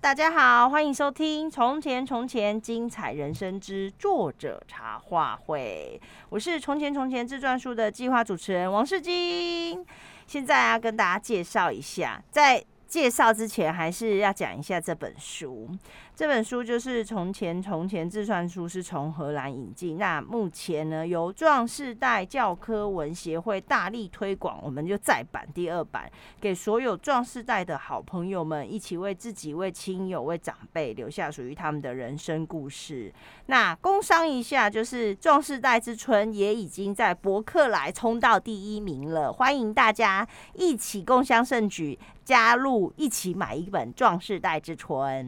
大家好，歡迎收聽《從前從前精彩人生之作者茶話會》，我是《從前從前自傳書》的計劃主持人王世京。現在要跟大家介紹一下，在介紹之前，還是要講一下這本書。這本書就是《從前從前自傳書》是從荷蘭引進。那目前呢，由壯世代教科文協會大力推廣，我們就再版第二版，給所有壯世代的好朋友們一起為自己、為親友、為長輩留下屬於他們的人生故事。那工商一下，就是壯世代之春也已經在博客來衝到第一名了，歡迎大家一起共襄盛舉。加入一起買一本《壯士代之春》，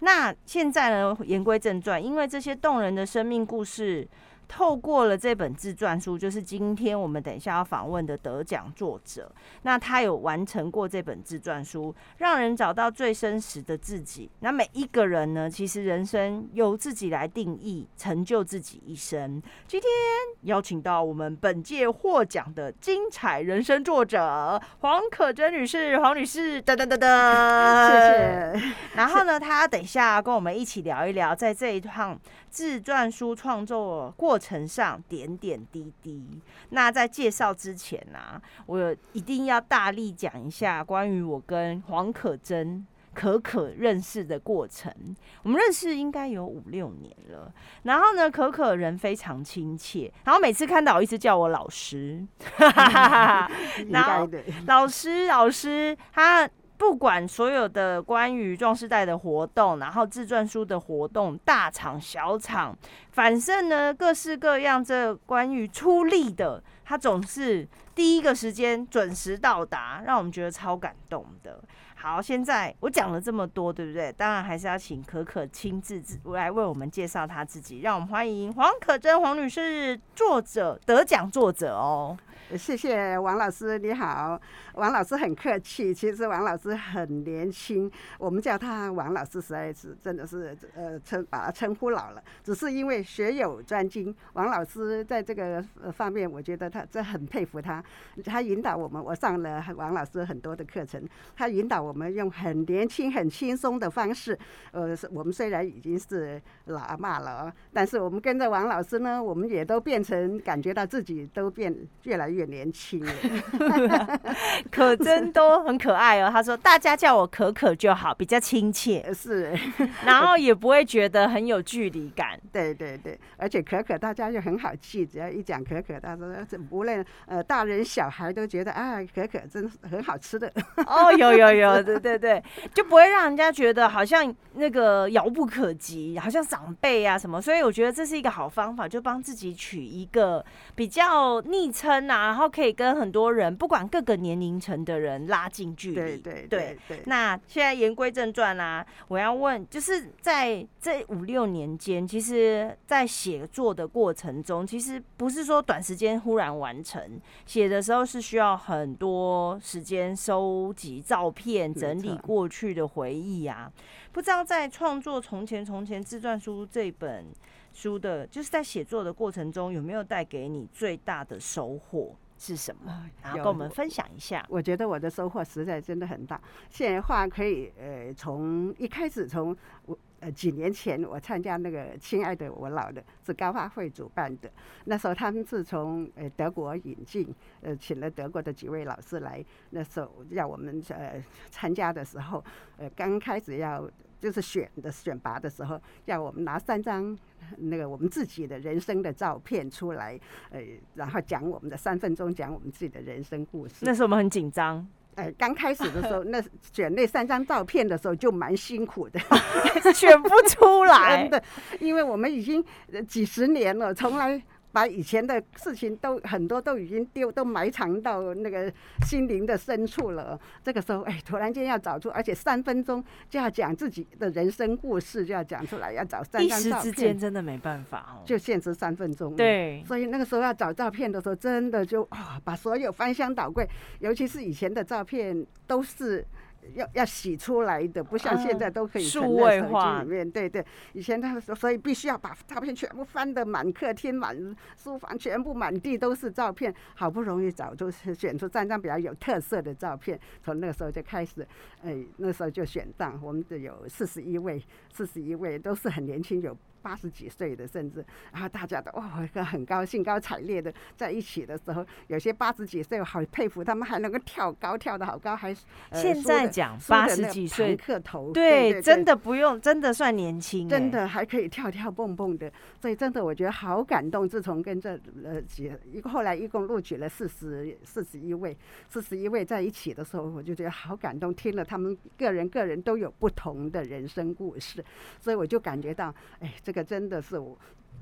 那現在呢，言歸正傳，因為這些動人的生命故事。透過了這本自傳書，就是今天我們等一下要訪問的得獎作者。那他有完成過這本自傳書，讓人找到最真實的自己。那每一個人呢，其實人生由自己來定義，成就自己一生。今天邀請到我們本屆獲獎的精彩人生作者黃可真女士，黃女士，登登登登 謝謝。然後呢，她是等一下跟我們一起聊一聊，在這一趟。自傳書創作過程上點點滴滴，那在介紹之前啊，我一定要大力講一下關於我跟黃可真可可認識的過程。我們認識應該有五六年了，然後呢，可可人非常親切，然後每次看到我一直叫我老師，應該、嗯、 然後老師老師他。不管所有的關於壯士代的活動，然後自傳書的活動，大場小場，反正呢各式各樣，這關於出力的，他總是第一個時間準時到達，讓我們覺得超感動的。好，現在我講了這麼多，對不對？當然還是要請可可親自來為我們介紹他自己，讓我們歡迎黃可真、黃女士，作者，得獎作者哦。謝謝王老師，你好，王老師很客氣。其實王老師很年輕，我們叫他王老師實在是真的是呃稱把他稱呼老了，只是因為學有專精。王老師在這個方面，我覺得他這很佩服他。他引導我們，我上了王老師很多的課程。他引導我們用很年輕、很輕鬆的方式。呃，我們雖然已經是老阿嬤了，但是我們跟着王老師呢，我們也都變成感覺到自己都變越來越。越年輕， 可真都很可愛哦。他說：“大家叫我可可就好，比較親切，是，然後也不會覺得很有距離感。”對對對，而且可可大家又很好記，只要一講可可，他說無論呃大人小孩都覺得啊，可可真很好吃的。哦 ，oh, 有有有，對對對，就不會讓人家覺得好像那個遙不可及，好像長輩啊什麼。所以我覺得這是一個好方法，就幫自己取一個比較昵稱啊。然後可以跟很多人，不管各個年齡層的人拉近距離。對對對，對。那現在言歸正傳啦，我要問，就是在這五六年間，其實，在寫作的過程中，其實不是說短時間忽然完成，寫的時候是需要很多時間收集照片、整理過去的回憶啊。不知道在創作《從前從前自傳書》這本。書的，就是在寫作的過程中，有沒有帶給你最大的收穫是什麼？然後、啊、有跟我們分享一下。我，我覺得我的收穫實在真的很大。現在話可以，呃，從一開始，從我呃幾年前我參加那個《親愛的我老的》是高發會主辦的，那時候他們是從呃德國引進，呃，請了德國的幾位老師來，那時候要我們呃參加的時候，呃，剛開始要。就是選的選拔的時候，要我們拿三張那個我們自己的人生的照片出來，呃，然後講我們的三分鐘，講我們自己的人生故事。那時候我們很緊張，呃，剛開始的時候，那選那三張照片的時候就蠻辛苦的， 選不出來的，因為我們已經幾十年了，從來。把以前的事情都很多都已經丟都埋藏到那個心靈的深處了。這個時候，哎，突然間要找出，而且三分鐘就要講自己的人生故事，就要講出來，要找三張照片，一時之間真的沒辦法哦，就限時三分鐘。對，所以那個時候要找照片的時候，真的就啊、哦，把所有翻箱倒櫃，尤其是以前的照片，都是。要要洗出來的，不像現在都可以存在手機裡面、啊、數位化。對對，以前他說，時所以必須要把照片全部翻得滿客廳、滿書房，全部滿地都是照片，好不容易找出選出三張比較有特色的照片。從那時候就開始，哎，那時候就選檔，我們有四十一位，四十一位都是很年輕有。八十幾歲的，甚至然後大家都哇，一、哦、個很高，興高采烈的在一起的時候，有些八十幾歲，我好佩服他們還能夠跳高，跳得好高，還、呃、現在講八十幾歲，長頭，對，對對對，真的不用，真的算年輕，真的還可以跳跳蹦蹦的，所以真的我覺得好感動。自從跟這呃幾一後來一共錄取了四十四十一位，四十一位在一起的時候，我就覺得好感動。聽了他們個人個人都有不同的人生故事，所以我就感覺到，哎、欸，這。可真的是我。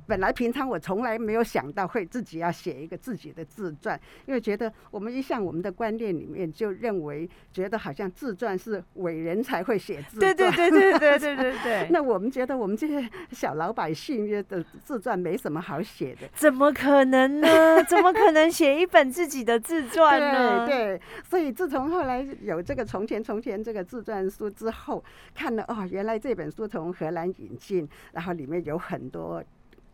本來平常我從來沒有想到會自己要寫一個自己的自傳，因為覺得我們一向我們的觀念裡面就認為，覺得好像自傳是偉人才會寫自傳。對對對對對對對對。 那我們覺得我們這些小老百姓的自傳沒什麼好寫的。怎麼可能呢？怎麼可能寫一本自己的自傳呢？ 對對。所以自從後來有這個《從前從前》這個自傳書之後，看了哦，原來這本書從荷蘭引進，然後裡面有很多。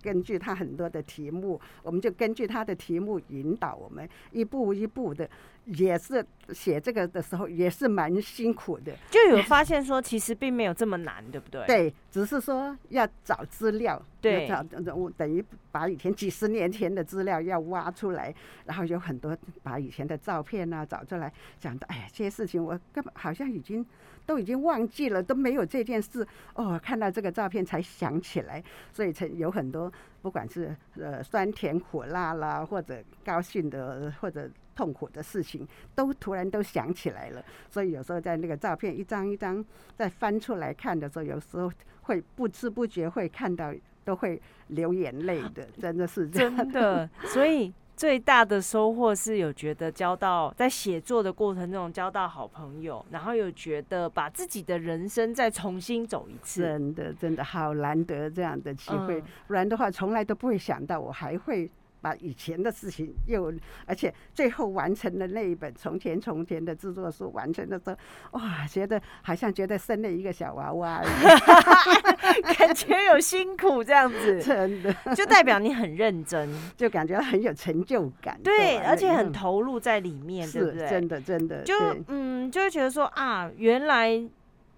根據他很多的題目，我們就根據他的題目引導我們一步一步的。也是寫這個的時候也是蠻辛苦的，就有發現說其實並沒有這麼難，對不對？對，只是說要找資料，對，要找，等於把以前幾十年前的資料要挖出來，然後有很多把以前的照片啊找出來，講的，哎呀，這些事情我根本好像已經都已經忘記了，都沒有這件事，哦，看到這個照片才想起來，所以才有很多。不管是呃酸甜苦辣啦，或者高興的或者痛苦的事情，都突然都想起來了。所以有時候在那個照片一張一張再翻出來看的時候，有時候會不知不覺會看到，都會流眼淚的，啊、真的是這樣真的。所以。 最大的收穫是有覺得交到，在寫作的過程中交到好朋友，然後有覺得把自己的人生再重新走一次，真的真的好難得這樣的機會，不，嗯，然的話從來都不會想到我還會。把以前的事情又，而且最後完成了那一本《從前從前》的製作書，完成的時候，哇，覺得好像覺得生了一個小娃娃一樣， 感覺有辛苦這樣子， 真的，就代表你很認真， 就感覺很有成就感，對，對啊，而且很投入在裡面，對不對？是，真的，真的，就對嗯，就會覺得說啊，原來。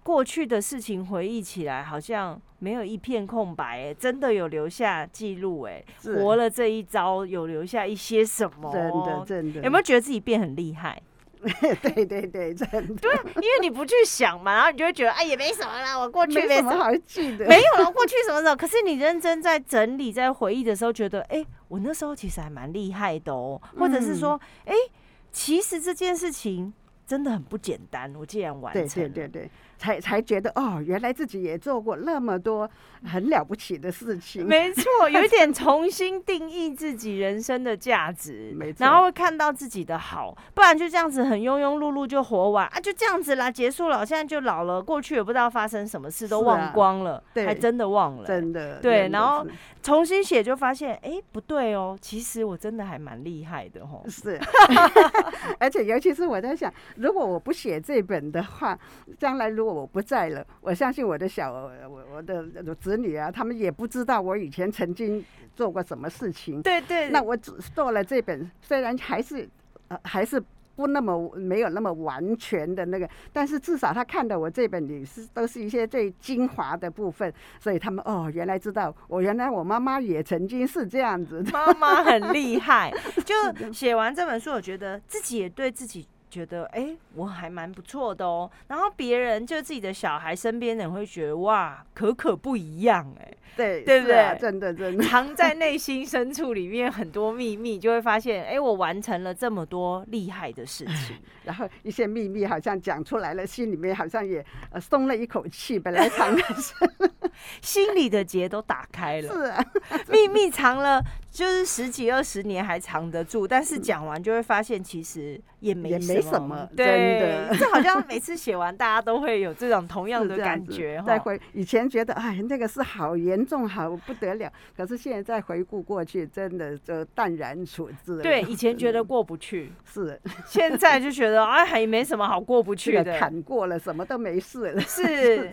過去的事情回憶起來，好像沒有一片空白欸，真的有留下記錄哎，是活了這一遭有留下一些什麼喔？真的真的，有沒有覺得自己變很厲害？ 對，對對對，真的。對，因為你不去想嘛，然後你就會覺得哎，也沒什麼啦。我過去沒什麼，沒什麼好記得，沒有了過去什麼時候？可是你認真在整理、在回憶的時候，覺得欸，我那時候其實還蠻厲害的喔，或者是說，嗯，欸，其實這件事情真的很不簡單，我竟然完成。對對對對。才才覺得哦，原來自己也做過那麼多很了不起的事情。沒錯，有一點重新定義自己人生的價值。 沒錯，然後看到自己的好，不然就這樣子很庸庸碌碌就活完啊，就這樣子啦，結束了。現在就老了，過去也不知道發生什麼事，都忘光了，啊、對還真的忘了、欸。真的對，然後重新寫就發現，哎、欸，不對哦，其實我真的還蠻厲害的哦。是， 而且尤其是我在想，如果我不寫這本的話，將來如果我不在了，我相信我的小我我的子女啊，他們也不知道我以前曾經做過什麼事情。對對對。那我做了這本，雖然還是，呃，還是不那麼沒有那麼完全的那個，但是至少他看到我這本也是都是一些最精華的部分，所以他們哦，原來知道我原來我媽媽也曾經是這樣子。媽媽很厲害， 就寫完這本書，我覺得自己也對自己。覺得哎，我還蠻不錯的哦。然後別人就自己的小孩身邊人會覺得哇，可可不一樣哎、欸，對對不對？真的、啊、真的，真的藏在內心深處裡面很多秘密， 就會發現哎，我完成了這麼多厲害的事情。然後一些秘密好像講出來了，心裡面好像也鬆了一口氣，本來藏， 心裡的結都打開了，是啊，秘密藏了。就是十幾二十年還藏得住，但是講完就會發現，其實也沒什麼也沒什麼。對真的，這好像每次寫完，大家都會有這種同樣的感覺。哦、再回以前覺得，哎，那個是好嚴重，好不得了。可是現在回顧過去，真的就淡然處之。對，以前覺得過不去，是現在就覺得，哎，還沒什麼好過不去的，坎過了，什麼都沒事了。是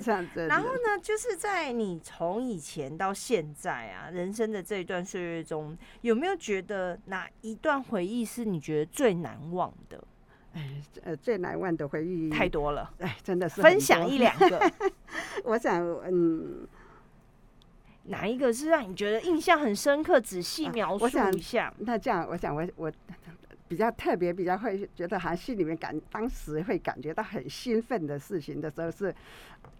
這樣子。然後呢，就是在你從以前到現在啊，人生的這一段歲月中。嗯，有沒有覺得哪一段回憶是你覺得最難忘的？哎，呃，最難忘的回憶太多了。哎，真的是分享一兩個。 我想，嗯，哪一個是讓你覺得印象很深刻？仔細描述一下？啊，那這樣，我想，我我。比較特別，比較會覺得還心裡面感，當時會感覺到很興奮的事情的時候是，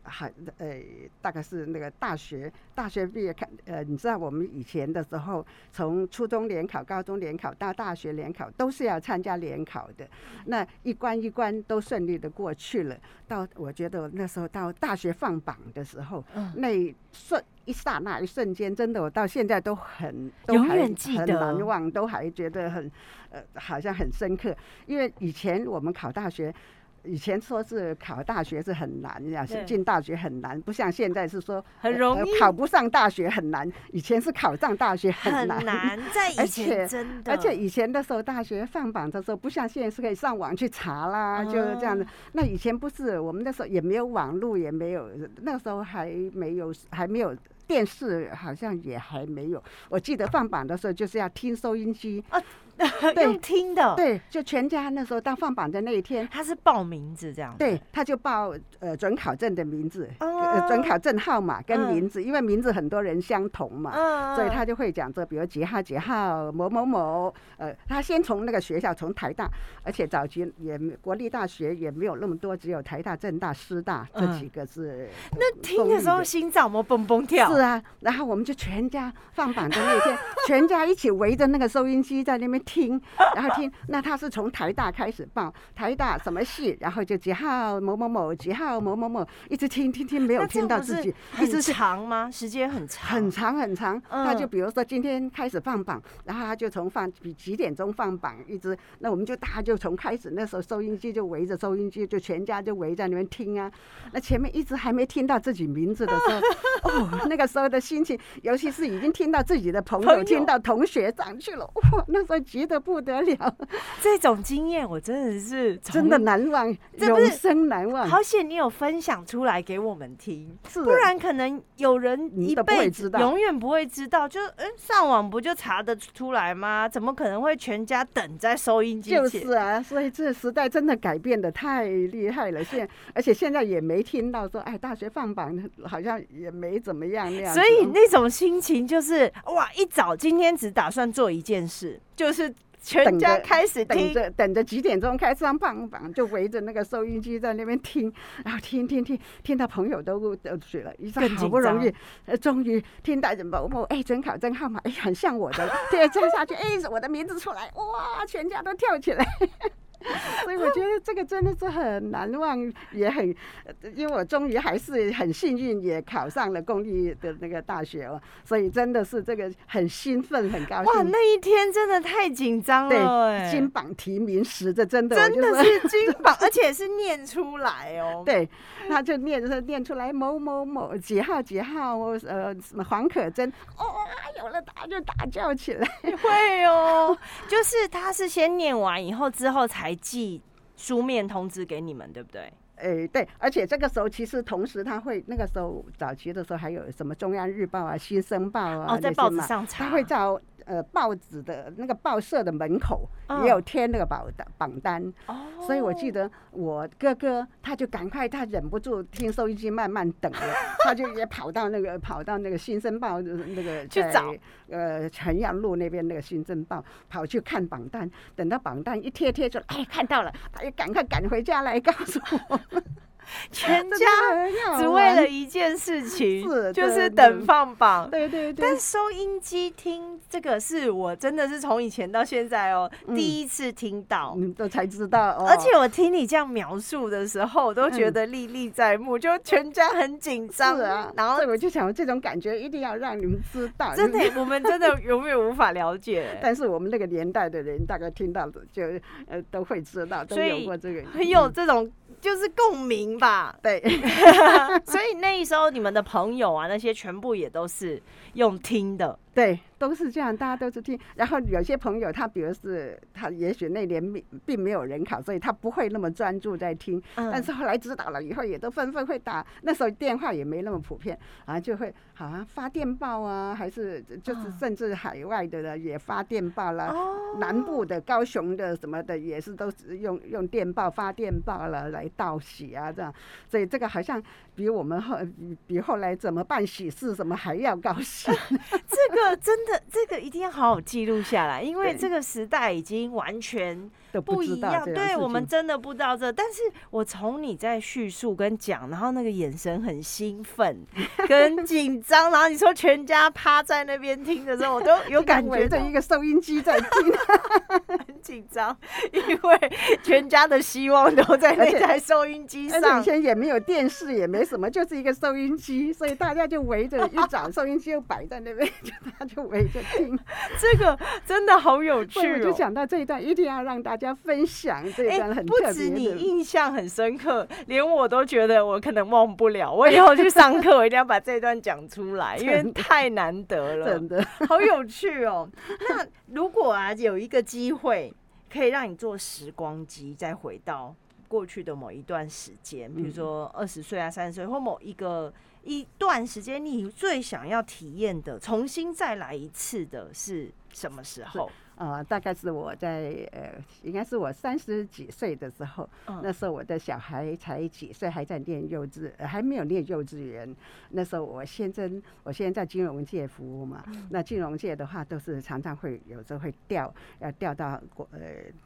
啊、呃大概是那個大學大學畢業，看呃你知道我們以前的時候，從初中聯考、高中聯考到大學聯考都是要參加聯考的，那一關一關都順利的過去了，到我覺得那時候到大學放榜的時候，嗯、那順。一剎那、一瞬間，真的，我到現在都很永遠記得，很難忘，都還覺得很，呃，好像很深刻。因為以前我們考大學。以前說是考大學是很難，進大學很難，不像現在是說很容易，考不上大學很難。以前是考上大學很難。很難在以前真的而且，而且以前的時候大學放榜的時候，不像現在是可以上網去查啦，啊、就這樣子。那以前不是我們那時候也沒有網絡，也沒有那時候還沒有還沒有電視，好像也還沒有。我記得放榜的時候就是要聽收音機。啊 對，聽的，對，就全家那時候，當放榜的那一天，他是報名字這樣，對，他就報呃準考證的名字，嗯、呃準考證號碼跟名字，嗯、因為名字很多人相同嘛，嗯、所以他就會講說，比如幾號幾號某，某某某，呃，他先從那個學校從台大，而且早期也國立大學也沒有那麼多，只有台大、政大、師大這幾個是、嗯。那聽的時候，心臟怎麼蹦蹦跳？是啊，然後我們就全家放榜的那一天， 全家一起圍着那個收音機在那邊。聽， 然後聽，那他是從台大開始報台大什麼系，然後就幾號某某某，幾號某某某，一直聽，聽聽，沒有聽到自己，一直長嗎？直時間很長，很長很長。嗯、他就比如說今天開始放榜，然後他就從放幾幾點鐘放榜，一直，那我們就大家就從開始那時候收音機就圍着收音機，就全家就圍在那邊聽啊。那前面一直還沒聽到自己名字的時候， 哦，那個時候的心情，尤其是已經聽到自己的朋友、朋友聽到同學上去了，哇，那時候幾。覺得不得了，這種經驗我真的是真的難忘，這不是，永生難忘。好險你有分享出來給我們聽，是的，不然可能有人一輩子永遠不會知道。知道知道就嗯，上網不就查得出來嗎？怎麼可能會全家等在收音機？就是啊，所以這個時代真的改變得太厲害了。現而且現在也沒聽到說，哎，大學放榜好像也沒怎麼樣那樣。所以那種心情就是、哦、哇，一早今天只打算做一件事，就是。全家開始聽等着等着幾點鐘開始放榜，就圍着那個收音機在那邊聽，然後聽聽聽，聽到朋友都都睡了，一上，好不容易，呃，終於聽到某某哎、欸、准考證號碼哎、欸、很像我的了，再再 下去哎、欸、是我的名字出來，哇，全家都跳起來。 所以我覺得這個真的是很難忘， 也很，因為我終於還是很幸運，也考上了公立的那個大學哦，所以真的是這個很興奮、很高興。哇，那一天真的太緊張了。金榜題名時，這真的 真的是金榜， 而且是念出來哦。 對，他就念、就是、念出來某某某幾號幾號，幾號哦、呃，什麼黃可真。哦啊，有了大就大叫起來， 會哦，就是他是先念完以後之後才。還寄書面通知給你們，對不對？誒、欸，對，而且這個時候其實同時他會，那個時候早期的時候還有什麼中央日報啊、《新生報》啊，哦，在報紙上查，他會找。呃，報紙的那個報社的門口也有貼那個榜榜單，哦，所以我記得我哥哥他就趕快，他忍不住聽收音機慢慢等了，他就也跑到那個跑到那個《新生報》那個去找，呃，衡陽路那邊那個《新生報》跑去看榜單，等到榜單一貼貼出來，哎，看到了，他哎，趕快趕回家來告訴我。 全家只為了一件事情，就是等放榜。對對對。但收音機聽這個是我真的是從以前到現在哦，第一次聽到，都才知道。而且我聽你這樣描述的時候，我都覺得歷歷在目，就全家很緊張啊。然後我就想，這種感覺一定要讓你們知道。真的，我們真的永遠無法了解。 但是我們那個年代的人，大概聽到的就呃都會知道，都有過這個，很有這種。就是共鳴吧，對， 所以那時候你們的朋友啊，那些全部也都是用聽的。對，都是這樣，大家都是聽。然後有些朋友，他比如是，他也許那年並並沒有人考，所以他不會那麼專注在聽。但是後來知道了以後，也都紛紛會打。那時候電話也沒那麼普遍，啊，就會啊發電報啊，還是就是甚至海外的也發電報了，啊。Oh. 南部的、高雄的什麼的，也是都是用用電報發電報了來道喜啊，這樣。所以這個好像比我們後比後來怎麼辦喜事什麼還要高興，這個。這個真的，這個一定要好好記錄下來，因為這個時代已經完全。不，不一樣，對，我們真的不知道這，但是我從你在敘述跟講，然後那個眼神很興奮，很緊張，然後你說全家趴在那邊聽的時候，我都有感覺這一個收音機在聽， 很緊張，因為全家的希望都在那台收音機上，以前也沒有電視，也沒什麼，就是一個收音機，所以大家就圍着，一找收音機又擺在那邊，啊、 大家就圍着聽，這個真的好有趣，哦，我就想到這一段一定要讓大家。家分享這一段很的、欸。不止你印象很深刻， 連我都覺得我可能忘不了。我以後去上課，我一定要把這段講出來， 因為太難得了。真的，真的好有趣哦、喔。 那如果啊，有一個機會可以讓你坐時光機，再回到過去的某一段時間，比如說二十歲啊、三十歲，或某一個一段時間，你最想要體驗的、重新再來一次的是什麼時候？啊、呃，大概是我在呃，應該是我三十幾歲的時候，嗯、那時候我的小孩才幾歲，還在念幼稚、呃，還沒有念幼稚園。那時候我先生，我現在在金融界服務嘛，嗯、那金融界的話都是常常會有時候會調，要調到國呃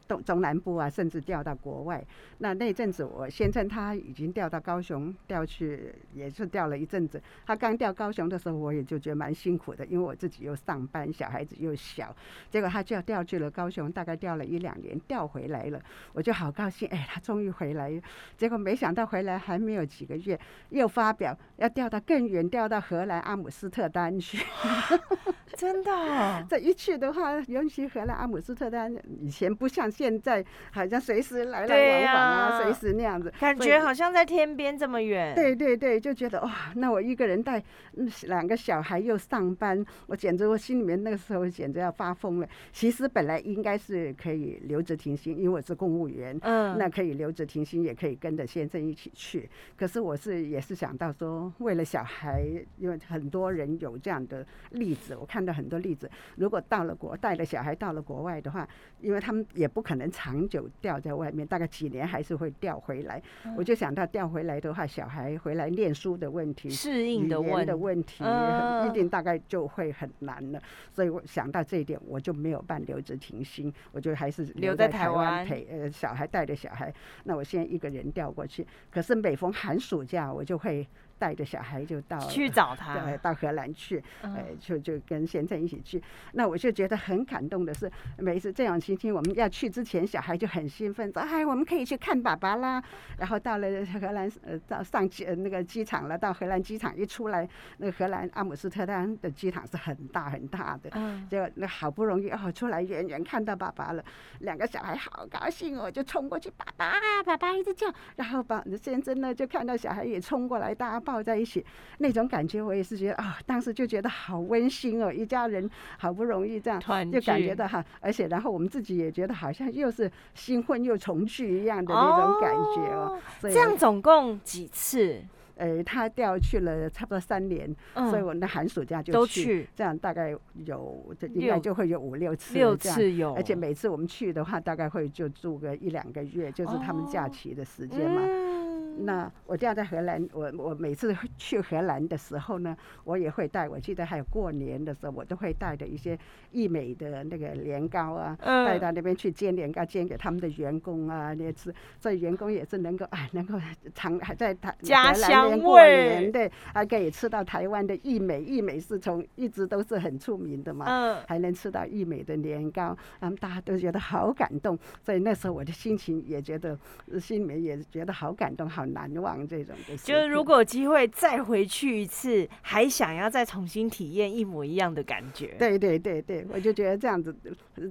東中南部啊，甚至調到國外。那那陣子我先生他已經調到高雄，調去也是調了一陣子。他剛調高雄的時候，我也就覺得蠻辛苦的，因為我自己又上班，小孩子又小，結果他就要。調去了高雄，大概調了一兩年，調回來了，我就好高興。哎，他終於回來了，結果沒想到回來還沒有幾個月，又發表要調到更遠，調到荷蘭阿姆斯特丹去。 啊、真的、啊，這一去的話，尤其荷蘭阿姆斯特丹以前不像現在，好像隨時來來往往啊，啊隨時那樣子，感覺好像在天邊這麼遠。對對對，就覺得哇、哦，那我一個人帶嗯兩個小孩又上班，我簡直我心裡面那個時候簡直要發瘋了。其實。本來應該是可以留職停薪，因為我是公務員，嗯、那可以留職停薪，也可以跟着先生一起去。可是我是也是想到說，為了小孩，因為很多人有這樣的例子，我看到很多例子。如果到了國帶了小孩到了國外的話，因為他們也不可能長久調在外面，大概幾年還是會調回來。嗯、我就想到調回來的話，小孩回來唸書的問題，適應的語言的問題，嗯、一定大概就會很難了。所以我想到這一點，我就沒有辦法。留職停薪，我就還是留在台灣陪，台灣陪呃小孩，帶着小孩。那我先一個人調過去，可是每逢寒暑假，我就會。帶着小孩就到去找他，對，到荷蘭去，嗯、呃，就就跟先生一起去。那我就覺得很感動的是，每次這樣情形，我們要去之前，小孩就很興奮，說：“哎，我們可以去看爸爸啦。”然後到了荷蘭，呃，到上機、呃、那個機場了，到荷蘭機場一出來，那個荷蘭阿姆斯特丹的機場是很大很大的，嗯，結果那好不容易哦出來，遠遠看到爸爸了，兩個小孩好高興哦，我就衝過去，爸爸、啊，爸爸，一直叫。然後把先生呢就看到小孩也衝過來，大家。抱在一起，那種感覺我也是覺得啊、哦，當時就覺得好溫馨哦，一家人好不容易這樣團聚，就感覺到哈。而且然後我們自己也覺得好像又是新婚又重聚一樣的那種感覺哦。哦所以，這樣總共幾次？呃，他調去了差不多三年，嗯、所以我們的寒暑假就去，都去，這樣大概有應該就會有五六次，六次有。而且每次我們去的話，大概會就住個一兩個月，就是他們假期的時間嘛。哦嗯那我掉在荷蘭，我我每次去荷蘭的時候呢，我也會帶。我記得還有過年的時候，我都會帶着一些義美的那個年糕啊，嗯、帶到那邊去煎年糕，煎給他們的員工啊。那次這員工也是能夠啊、哎，能夠嘗還在台荷蘭年過年，對，還可以吃到台灣的義美。義美是從一直都是很出名的嘛，嗯、還能吃到義美的年糕，他、嗯、們大家都覺得好感動，所以那時候我的心情也覺得心裡面也覺得好感動，好。難忘這種的就是，如果有機會再回去一次，還想要再重新體驗一模一樣的感覺。對對對對，我就覺得這樣子，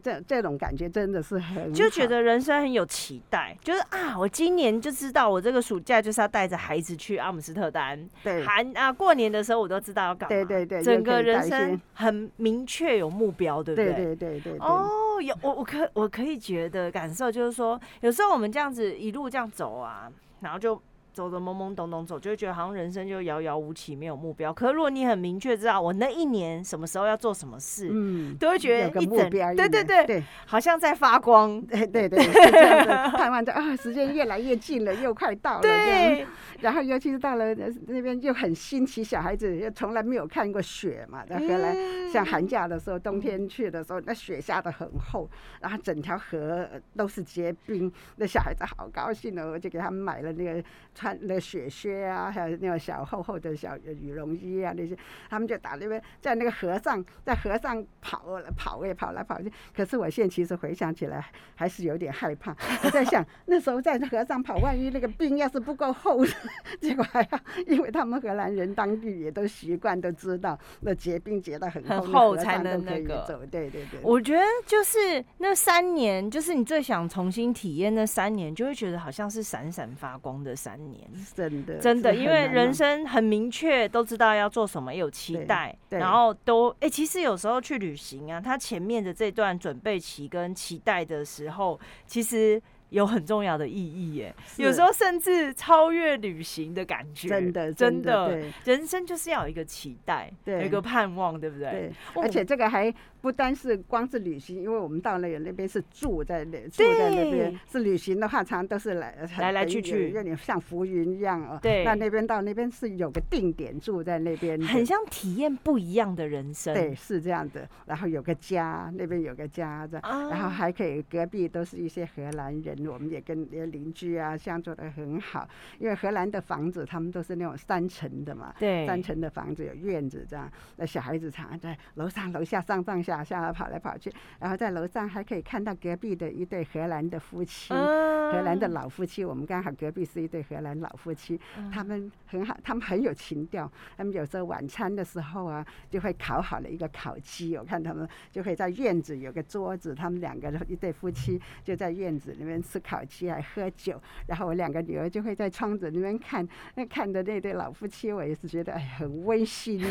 這這種感覺真的是很的，就覺得人生很有期待。就是啊，我今年就知道我這個暑假就是要帶着孩子去阿姆斯特丹。對，寒啊過年的時候我都知道要搞。對對，對整個人生很明確有目標，對不對？對對，對對對對，哦、oh，有我我可我可以覺得感受，就是說有時候我們這樣子一路這樣走啊。然後就。走的懵懵懂懂走，走就會覺得好像人生就遙遙無期，沒有目標。可是如果你很明確知道我那一年什麼時候要做什麼事，嗯，都會覺得一有個目標，對對對，對好像在發光。對對對，盼望着啊，時間越來越近了，又快到了。對，然後尤其是到了那邊又很新奇，小孩子又從來沒有看過雪嘛。在河南，嗯、像寒假的時候，冬天去的時候，那雪下得很厚，然後整條河都是結冰，那小孩子好高興哦，我就給他們買了那個。那雪靴啊，還有那種小厚厚的小羽絨衣啊，那些他們就打那邊在那個河上，在河上跑跑來跑來跑去。可是我現在其實回想起來，還是有點害怕。我在想 那時候在河上跑，萬一那個冰要是不夠厚，結果還好。因為他們荷蘭人當地也都習慣，都知道那結冰結得很，很厚才能那個。河上都可以走。對對對。我覺得就是那三年，就是你最想重新體驗那三年，就會覺得好像是閃閃發光的三年。真的，真的，因為人生很明確，都知道要做什麼，也有期待，然後都哎、欸，其實有時候去旅行啊，他前面的這段準備期跟期待的時候，其實有很重要的意義耶。是有時候甚至超越旅行的感覺，真的，真的，人生就是要有一個期待，對有一個盼望，對不對？對，而且這個還。不單是光是旅行，因為我們到那個那邊是住在那，對住在那邊是旅行的話，常，常都是來來來去去，有點像浮雲一樣哦。對，那那邊到那邊是有個定點住在那邊，很像體驗不一樣的人生。對，是這樣的。然後有個家，那邊有個家這樣，啊、然後還可以隔壁都是一些荷蘭人，我們也跟也鄰居啊相處的很好。因為荷蘭的房子他們都是那種三層的嘛，對，三層的房子有院子這樣，那小孩子常在樓上樓下上上下打下來、啊、跑來跑去，然後在樓上還可以看到隔壁的一對荷蘭的夫妻，uh, 荷蘭的老夫妻。我們剛好隔壁是一對荷蘭老夫妻，他、uh, 們很好，他們很有情調。他們有時候晚餐的時候啊，就會烤好了一個烤雞，我看他們就會在院子有個桌子，他們兩個人一對夫妻就在院子裡面吃烤雞還喝酒。然後我兩個女兒就會在窗子裡面看，看的那對老夫妻，我也是覺得哎，很溫馨。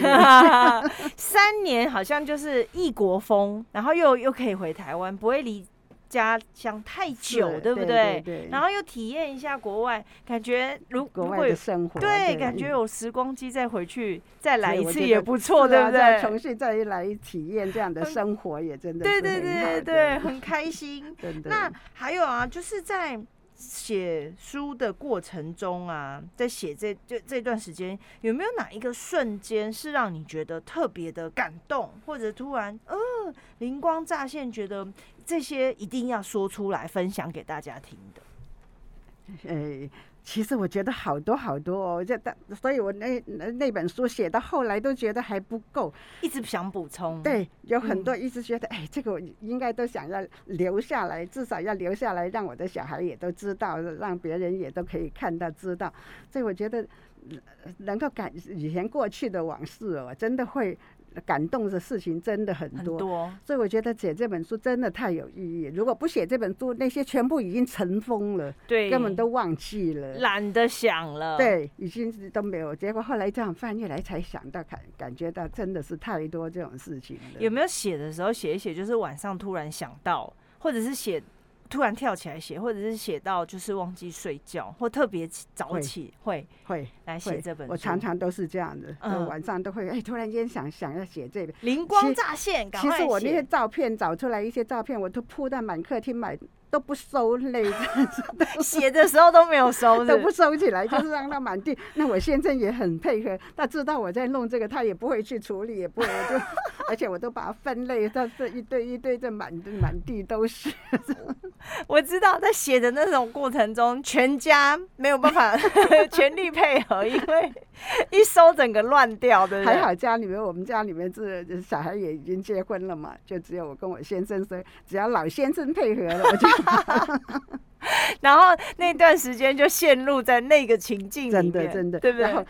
三年好像就是異國國風，然後又又可以回台灣，不會離家鄉太久，是對不對？對對對，然後又體驗一下國外，感覺如國外的生活，對，對感覺有時光機再回去再來一次也不錯，對，啊、對不對？重新再來體驗這樣的生活也真的，對對對對，對，對很開心。 對對，那還有啊，就是在。寫書的過程中啊，在寫這這這段時間，有沒有哪一個瞬間是讓你覺得特別的感動，或者突然，呃，靈光乍現，覺得這些一定要說出來，分享給大家聽的？誒。 其實我覺得好多好多哦，我覺得，所以我那那那本書寫到後來都覺得還不夠，一直想補充。對，有很多一直覺得，嗯、哎，這個我應該都想要留下來，至少要留下來，讓我的小孩也都知道，讓別人也都可以看到知道。所以我覺得，能夠感以前過去的往事哦，真的會。感動的事情真的很多，很多，所以我覺得寫這本書真的太有意義。如果不寫這本書，那些全部已經塵封了，對根本都忘記了，懶得想了。對，已經是都沒有。結果後來這樣翻閱來，才想到感，感覺到真的是太多這種事情了。有沒有寫的時候寫一寫，就是晚上突然想到，或者是寫，突然跳起來寫，或者是寫到就是忘記睡覺，或特別早起會會來寫這本。我常常都是這樣子，晚上都會哎，突然間想想要寫這本，靈光乍現，趕快寫。其實我那些照片找出來一些照片，我都鋪在滿客廳，滿都不收嘞，寫的時候都沒有收，都不收起來，就是讓它滿地。那我先生也很配合，他知道我在弄這個，他也不會去處理，也不會，我就而且我都把它分類，但是一堆一堆的滿的滿地都是。我知道，在寫的那種過程中，全家沒有辦法 全力配合，因為一收整個亂掉的，還好家裡面，我們家裡面是小孩也已經結婚了嘛，就只有我跟我先生說，所以只要老先生配合了，我就。 然後那段時間就陷入在那個情境裡面，真的真的，對不對？然後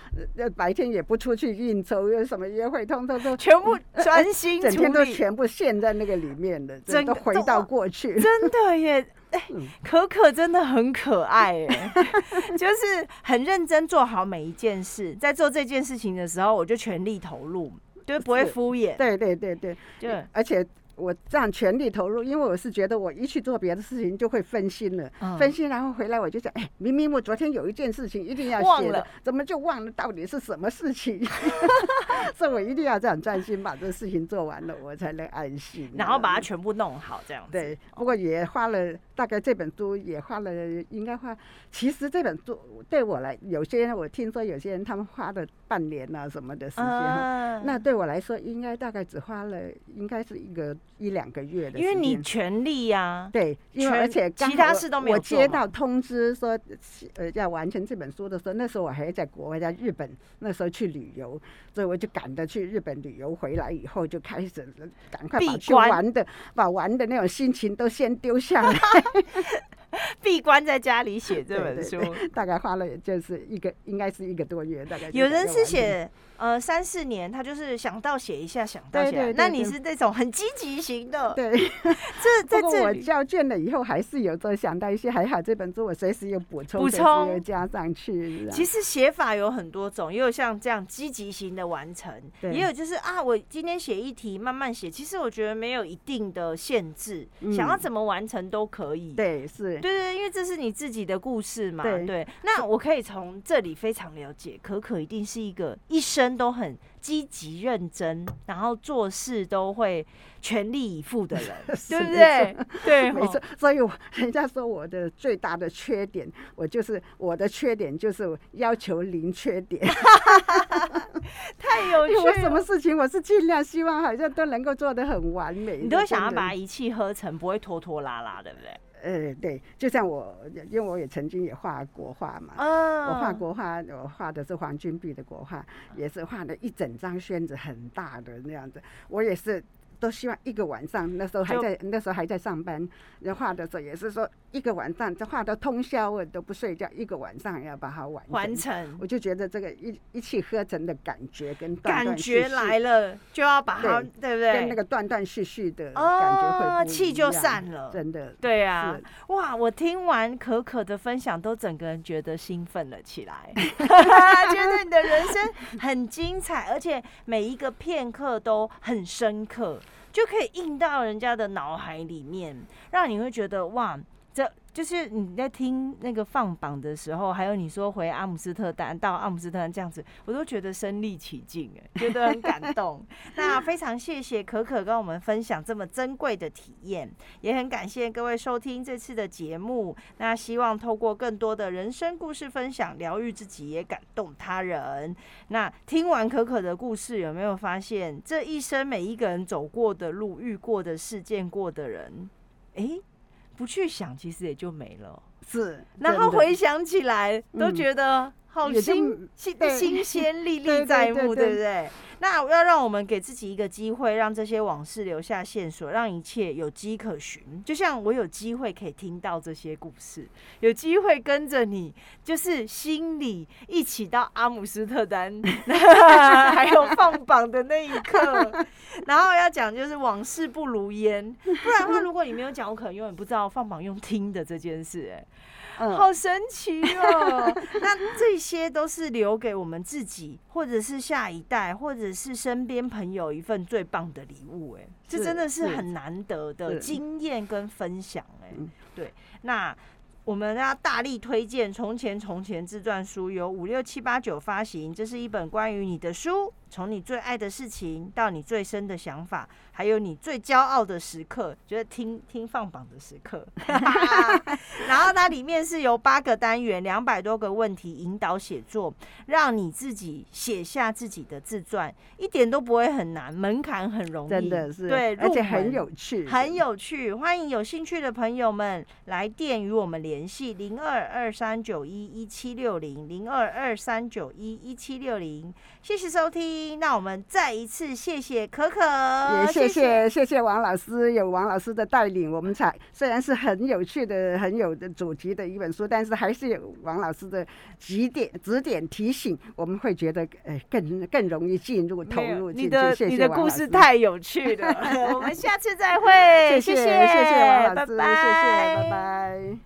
白天也不出去應酬，又什麼約會，通通都全部專心，整天都全部陷在那個裡面的，真的個回到過去。真的耶，嗯、可可真的很可愛耶， 就是很認真做好每一件事，在做這件事情的時候，我就全力投入，就不會敷衍。對對對對，對，而且。我這樣全力投入，因為我是覺得我一去做別的事情就會分心了，嗯、分心，然後回來我就想，哎、欸，明明我昨天有一件事情一定要寫了，怎麼就忘了？到底是什麼事情？所以我一定要這樣專心把 這個事情做完了，我才能安心、啊。然後把它全部弄好，這樣子。對，不過也花了大概這本書也花了，應該花。其實這本書對我來，有些人我聽說有些人他們花了半年吶、啊、什麼的時間，嗯、那對我來說應該大概只花了，應該是一個。一兩個月的因、啊，因為你全力呀，對，而且其他事都沒有。我接到通知說，呃，要完成這本書的時候，那時候我還在國外，在日本，那時候去旅遊，所以我就趕着去日本旅遊，回來以後就開始趕快把去玩的、關把玩的那種心情都先丟下來。 閉 關在家裡寫這本書，大概花了就是一個應該是一個多月。大概有人是寫呃三四年，他就是想到寫一下，想到寫。對對對對，那你是那種很積極型的。對，這 在這。不過我交卷了以後，還是有在想到一些，還好這本書我隨時有補充，補充加上去。啊、其實寫法有很多種，也有像這樣積極型的完成，對也有就是啊，我今天寫一題，慢慢寫。其實我覺得沒有一定的限制，嗯、想要怎麼完成都可以。對，是。對，對對，因為這是你自己的故事嘛。對，對，那我可以從這裡非常了解，可可一定是一個一生都很積極認真，然後做事都會全力以赴的人，是對不對？錯對、哦，沒錯。所以我人家說我的最大的缺點，我就是我的缺點就是要求零缺點， 太有趣、哦哎、我什麼事情我是盡量希望好像都能夠做得很完美，你都想要把它一氣呵成，不會拖拖拉拉，對不對？呃，對，就像我，因為我也曾經也畫國畫嘛，oh. 我畫國畫，我畫的是黃君璧的國畫，也是畫了一整張宣紙，很大的那樣子，我也是。都希望一個晚上，那時候還在就那時候還在上班，那畫的時候也是說一個晚上，就畫到通宵我都不睡覺，一個晚上要把它完成完成。我就覺得這個一一氣呵成的感覺跟斷斷續續感覺來了，就要把它對，對不對？跟那個斷斷續續的哦，感覺會氣、哦、就散了，真的對啊。是哇，我聽完可可的分享，都整個人覺得興奮了起來， 覺得你的人生很精彩， 而且每一個片刻都很深刻。就可以印到人家的腦海裡面，讓你會覺得哇。這就是你在聽那個放榜的時候，還有你說回阿姆斯特丹到阿姆斯特丹這樣子，我都覺得身歷其境、欸，哎， 覺得很感動。那非常謝謝可可跟我們分享這麼珍貴的體驗，也很感謝各位收聽這次的節目。那希望透過更多的人生故事分享，療癒自己，也感動他人。那聽完可可的故事，有沒有發現，這一生每一個人走過的路、遇過的事、見過的人，欸不去想，其實也就沒了。是，然後回想起來，真的。都覺得。嗯好新新新鮮歷歷在目，對，對，對，對，對，對不對？那我要讓我們給自己一個機會，讓這些往事留下線索，讓一切有跡可循。就像我有機會可以聽到這些故事，有機會跟着你，就是心裡一起到阿姆斯特丹， 還有放榜的那一刻。然後要講就是往事不如煙，不然的話，如果你沒有講，我可能永遠不知道放榜用聽的這件事、欸。哎。嗯、好神奇哦、喔！ 那這些都是留給我們自己，或者是下一代，或者是身邊朋友一份最棒的禮物、欸。誒是，這真的是很難得的經驗跟分享、欸。誒，對，對，那。我們要大力推薦《從前從前》自傳書，由五六七八九發行。這是一本關於你的書，從你最愛的事情到你最深的想法，還有你最驕傲的時刻，就是聽聽放榜的時刻。 然後它裡面是由八個單元，兩百多個問題引導寫作，讓你自己寫下自己的自傳，一點都不會很難，門檻很容易，真的是對，而且很有趣是不是，很有趣。歡迎有興趣的朋友們來電與我們聯。聯繫零二二三九一一七六零零二二三九一一七六零，60, 60, 謝謝收聽。那我們再一次謝謝可可，也謝謝謝謝王老師，有王老師的帶領，我們才雖然是很有趣的、很有的主題的一本書，但是還是有王老師的指點指點提醒，我們會覺得呃、哎、更更容易進入投入進去。謝謝你的故事太有趣了，我們下次再會。嗯、謝謝謝謝王老師，拜拜，謝謝拜拜。拜拜。